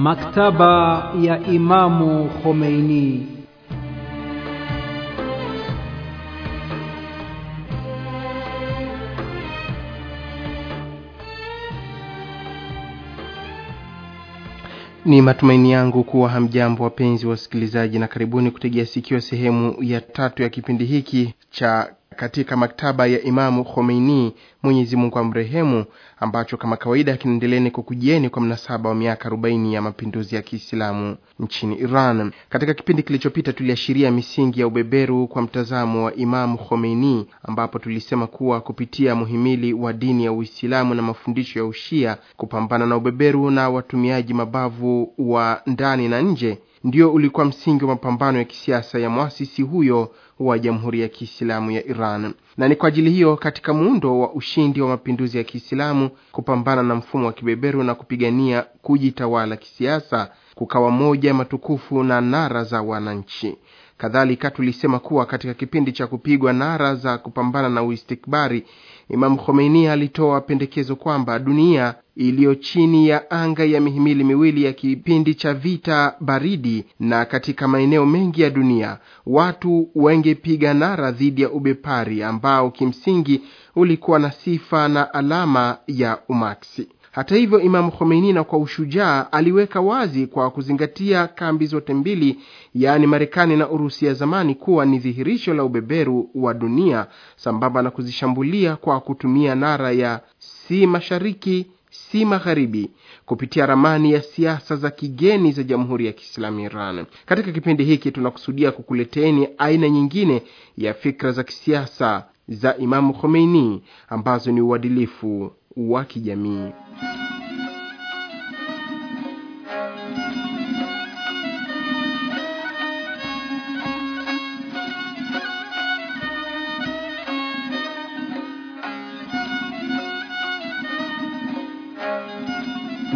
Maktaba ya Imamu Khomeini. Ni matumaini yangu kuwa hamjambo wapenzi wa wasikilizaji, na karibuni kutegea sikio sehemu ya tatu ya kipindi hiki cha katika maktaba ya Imamu Khomeini, Mwenyezi Mungu amrehemu, ambacho kama kawaida kinaendeleni kukujieni kwa mnasaba wa miaka 40 ya mapinduzi ya Kiislamu nchini Iran. Katika kipindi kilichopita, tuliashiria misingi ya ubeberu kwa mtazamo wa Imamu Khomeini, ambapo tulisema kuwa kupitia muhimili wa dini ya Uislamu na mafundisho ya Ushia, kupambana na ubeberu na watumiaji mabavu wa ndani na nje ndio ulikuwa msingi wa mapambano ya kisiasa ya mwasisi huyo wa jamhuri ya kiislamu ya Iran, na ni kwa ajili hiyo, katika muundo wa ushindi wa mapinduzi ya Kiislamu kupambana na mfumo wa kibeberu na kupigania kujitawala kisiasa, kukawa moja ya matukufu na nara za wananchi. Kadhalika tulisema kuwa katika kipindi cha kupigwa nara za kupambana na uistikbari, Imam Khomeini alitoa pendekezo kwamba dunia iliyo chini ya anga ya mihimili miwili ya kipindi cha vita baridi na katika maeneo mengi ya dunia watu wengepiga nara dhidi ya ubepari ambao kimsingi ulikuwa na sifa na alama ya umaksi hata hivyo imamu khomeini na kwa ushujaa aliweka wazi kwa kuzingatia kambi zote mbili yaani marekani na urusi ya zamani kuwa ni dhihirisho la ubeberu wa dunia sambamba na kuzishambulia kwa kutumia nara ya si mashariki si magharibi kupitia ramani ya siasa za kigeni za jamhuri ya kiislamu Iran. Katika kipindi hiki tunakusudia kukuleteni aina nyingine ya fikra za kisiasa za Imamu Khomeini ambazo ni uadilifu wa kijamii.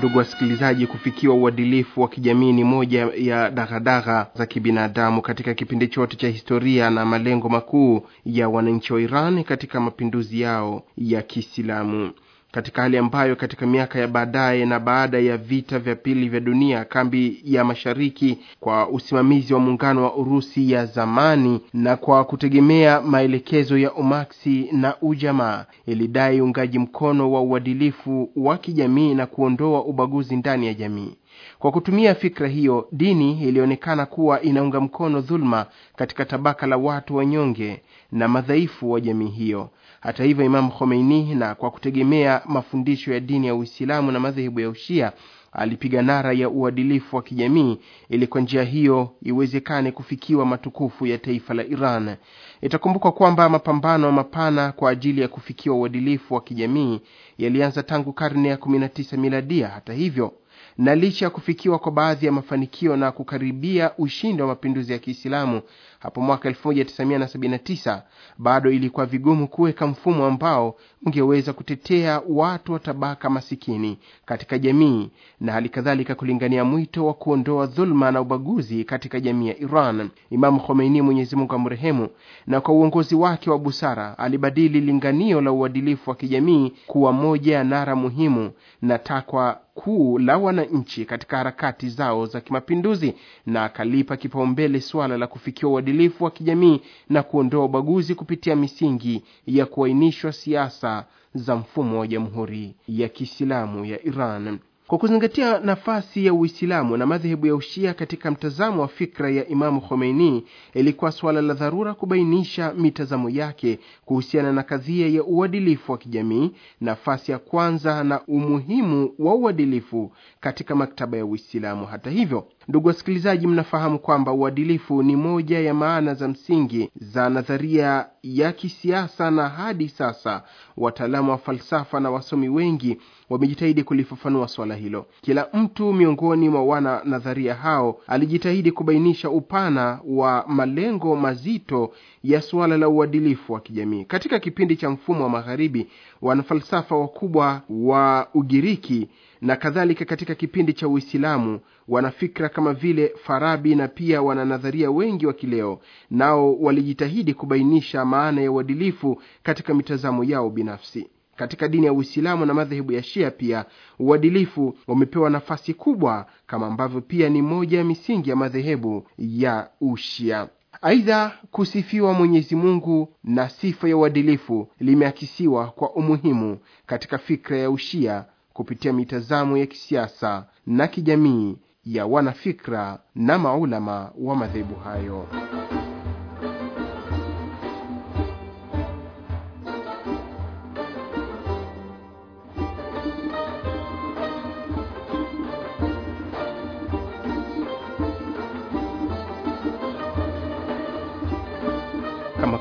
ndugu wasikilizaji, kufikiwa uadilifu wa kijamii ni moja ya dagadaga za kibinadamu katika kipindi chote cha historia na malengo makuu ya wananchi wa Iran katika mapinduzi yao ya Kiislamu katika hali ambayo katika miaka ya baadaye na baada ya vita vya pili vya dunia, kambi ya mashariki kwa usimamizi wa muungano wa Urusi ya zamani na kwa kutegemea maelekezo ya Umaksi na ujamaa ilidai uungaji mkono wa uadilifu wa kijamii na kuondoa ubaguzi ndani ya jamii kwa kutumia fikra hiyo dini ilionekana kuwa inaunga mkono dhuluma katika tabaka la watu wanyonge na madhaifu wa jamii hiyo hata hivyo imamu khomeini na kwa kutegemea mafundisho ya dini ya uislamu na madhehebu ya ushia alipiga nara ya uadilifu wa kijamii ili kwa njia hiyo iwezekane kufikiwa matukufu ya taifa la iran itakumbukwa kwamba mapambano mapana kwa ajili ya kufikiwa uadilifu wa kijamii yalianza tangu karne ya 19 miladia hata hivyo na licha ya kufikiwa kwa baadhi ya mafanikio na kukaribia ushindi wa mapinduzi ya Kiislamu, hapo mwaka 1979 bado ilikuwa vigumu kuweka mfumo ambao ungeweza kutetea watu wa tabaka masikini katika jamii na hali kadhalika kulingania mwito wa kuondoa dhuluma na ubaguzi katika jamii ya Iran. Imamu Khomeini, Mwenyezi Mungu amrehemu, na kwa uongozi wake wa busara alibadili linganio la uadilifu wa kijamii kuwa moja ya nara muhimu na takwa kuu la wananchi katika harakati zao za kimapinduzi, na akalipa kipaumbele suala la kufikia uadilifu uadilifu wa kijamii na kuondoa ubaguzi kupitia misingi ya kuainishwa siasa za mfumo wa Jamhuri ya Kiislamu ya Iran. Kwa kuzingatia nafasi ya Uislamu na madhehebu ya Ushia katika mtazamo wa fikra ya Imamu Khomeini, ilikuwa suala la dharura kubainisha mitazamo yake kuhusiana na kadhia ya uadilifu wa kijamii, nafasi ya kwanza na umuhimu wa uadilifu katika maktaba ya Uislamu. Hata hivyo, ndugu wasikilizaji mnafahamu kwamba uadilifu ni moja ya maana za msingi za nadharia ya kisiasa na hadi sasa wataalamu wa falsafa na wasomi wengi wamejitahidi kulifafanua swala hilo kila mtu miongoni mwa wana nadharia hao alijitahidi kubainisha upana wa malengo mazito ya suala la uadilifu wa kijamii. Katika kipindi cha mfumo wa Magharibi, wanafalsafa wakubwa wa Ugiriki na kadhalika, katika kipindi cha Uislamu, wanafikra kama vile Farabi na pia wananadharia wengi wa kileo, nao walijitahidi kubainisha maana ya uadilifu katika mitazamo yao binafsi. Katika dini ya Uislamu na madhehebu ya Shia pia uadilifu wamepewa nafasi kubwa, kama ambavyo pia ni moja ya misingi ya madhehebu ya Ushia aidha kusifiwa mwenyezi mungu na sifa ya uadilifu limeakisiwa kwa umuhimu katika fikra ya ushia kupitia mitazamo ya kisiasa na kijamii ya wanafikra na maulama wa madhehebu hayo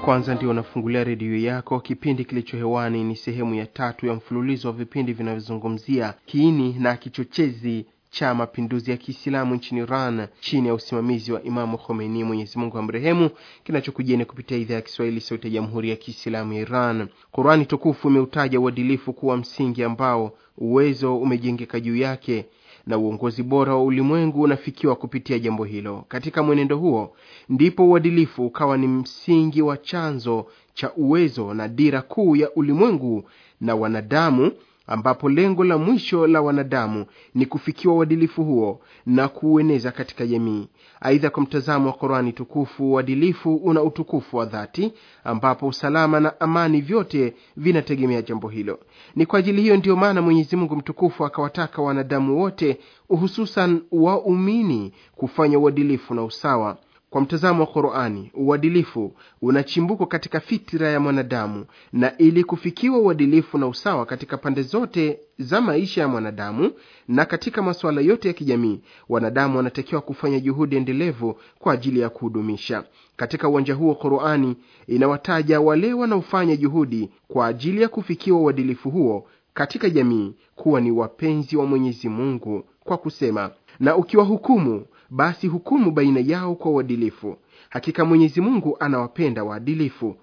kwanza ndio unafungulia redio yako, kipindi kilicho hewani ni sehemu ya tatu ya mfululizo wa vipindi vinavyozungumzia kiini na kichochezi cha mapinduzi ya Kiislamu nchini Iran chini ya usimamizi wa Imamu Khomeini, Mwenyezi Mungu amrehemu, kinachokujieni kupitia idhaa ya Kiswahili sauti ya Jamhuri ya Kiislamu ya Iran. Qurani tukufu imeutaja uadilifu kuwa msingi ambao uwezo umejengeka juu yake na uongozi bora wa ulimwengu unafikiwa kupitia jambo hilo. Katika mwenendo huo ndipo uadilifu ukawa ni msingi wa chanzo cha uwezo na dira kuu ya ulimwengu na wanadamu ambapo lengo la mwisho la wanadamu ni kufikiwa uadilifu huo na kuueneza katika jamii aidha kwa mtazamo wa korani tukufu uadilifu una utukufu wa dhati ambapo usalama na amani vyote vinategemea jambo hilo ni kwa ajili hiyo ndiyo maana mwenyezi mungu mtukufu akawataka wanadamu wote hususan waumini kufanya uadilifu na usawa kwa mtazamo wa qurani uadilifu una chimbuko katika fitira ya mwanadamu na ili kufikiwa uadilifu na usawa katika pande zote za maisha ya mwanadamu na katika masuala yote ya kijamii wanadamu wanatakiwa kufanya juhudi endelevu kwa ajili ya kuhudumisha katika uwanja huo qurani inawataja wale wanaofanya juhudi kwa ajili ya kufikiwa uadilifu huo katika jamii kuwa ni wapenzi wa mwenyezi mungu kwa kusema na ukiwahukumu basi hukumu baina yao kwa uadilifu hakika mwenyezi mungu anawapenda waadilifu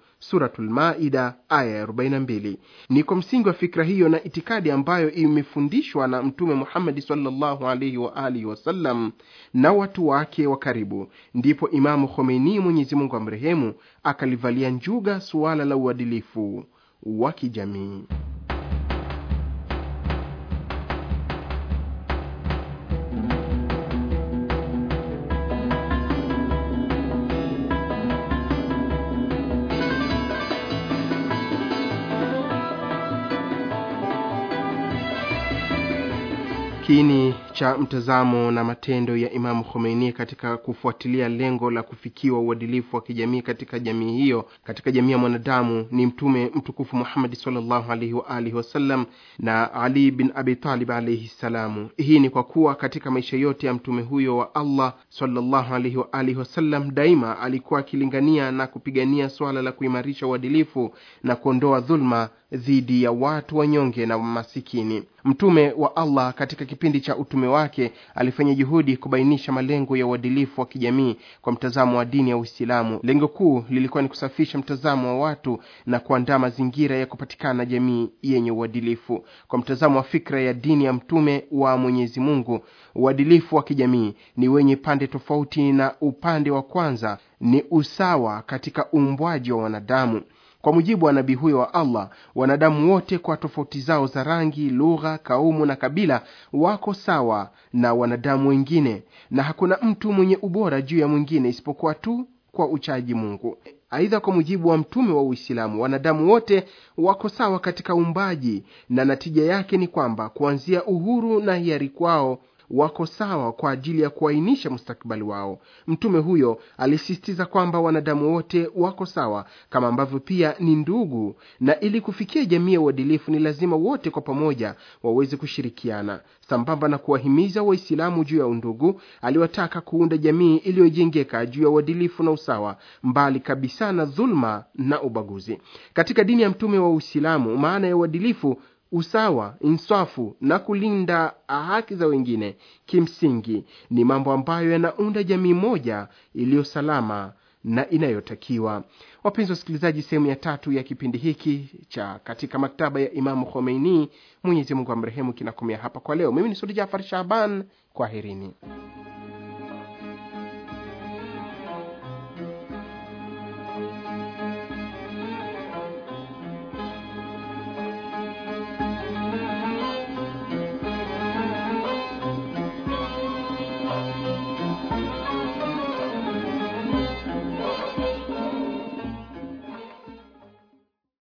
maida aya ya 42 ni kwa msingi wa fikra hiyo na itikadi ambayo imefundishwa na mtume muhammadi salllahu alaihi waalihi wasallam na watu wake wa karibu ndipo imamu khomeini mwenyezi mungu amrehemu akalivalia njuga suala la uadilifu wa kijamii ini. cha mtazamo na matendo ya imamu khomeini katika kufuatilia lengo la kufikiwa uadilifu wa kijamii katika jamii hiyo katika jamii ya mwanadamu ni mtume mtukufu muhamadi sallallahu alaihi alihi wasallam na ali bin abi talib alaihi ssalamu hii ni kwa kuwa katika maisha yote ya mtume huyo wa allah sallallahu alaihi alihi wasallam daima alikuwa akilingania na kupigania swala la kuimarisha uadilifu na kuondoa dhulma dhidi ya watu wanyonge na masikini mtume wa allah katika kipindi cha utume mtume wake alifanya juhudi kubainisha malengo ya uadilifu wa kijamii kwa mtazamo wa dini ya Uislamu. Lengo kuu lilikuwa ni kusafisha mtazamo wa watu na kuandaa mazingira ya kupatikana jamii yenye uadilifu. Kwa mtazamo wa fikra ya dini ya mtume wa Mwenyezi Mungu, uadilifu wa kijamii ni wenye pande tofauti, na upande wa kwanza ni usawa katika uumbwaji wa wanadamu kwa mujibu wa nabii huyo wa allah wanadamu wote kwa tofauti zao za rangi lugha kaumu na kabila wako sawa na wanadamu wengine na hakuna mtu mwenye ubora juu ya mwingine isipokuwa tu kwa uchaji mungu aidha kwa mujibu wa mtume wa uislamu wanadamu wote wako sawa katika uumbaji na natija yake ni kwamba kuanzia uhuru na hiari kwao wako sawa kwa ajili ya kuainisha mustakbali wao. Mtume huyo alisisitiza kwamba wanadamu wote wako sawa kama ambavyo pia ni ndugu, na ili kufikia jamii ya uadilifu ni lazima wote kwa pamoja waweze kushirikiana. Sambamba na kuwahimiza Waislamu juu ya undugu, aliwataka kuunda jamii iliyojengeka juu ya uadilifu na usawa, mbali kabisa na dhuluma na ubaguzi. Katika dini ya mtume wa Uislamu, maana ya uadilifu usawa inswafu na kulinda haki za wengine kimsingi ni mambo ambayo yanaunda jamii moja iliyo salama na inayotakiwa wapenzi wasikilizaji sehemu ya tatu ya kipindi hiki cha katika maktaba ya imamu khomeini mwenyezi mungu amrehemu kinakomea hapa kwa leo mimi ni sudi jafar shaban kwaherini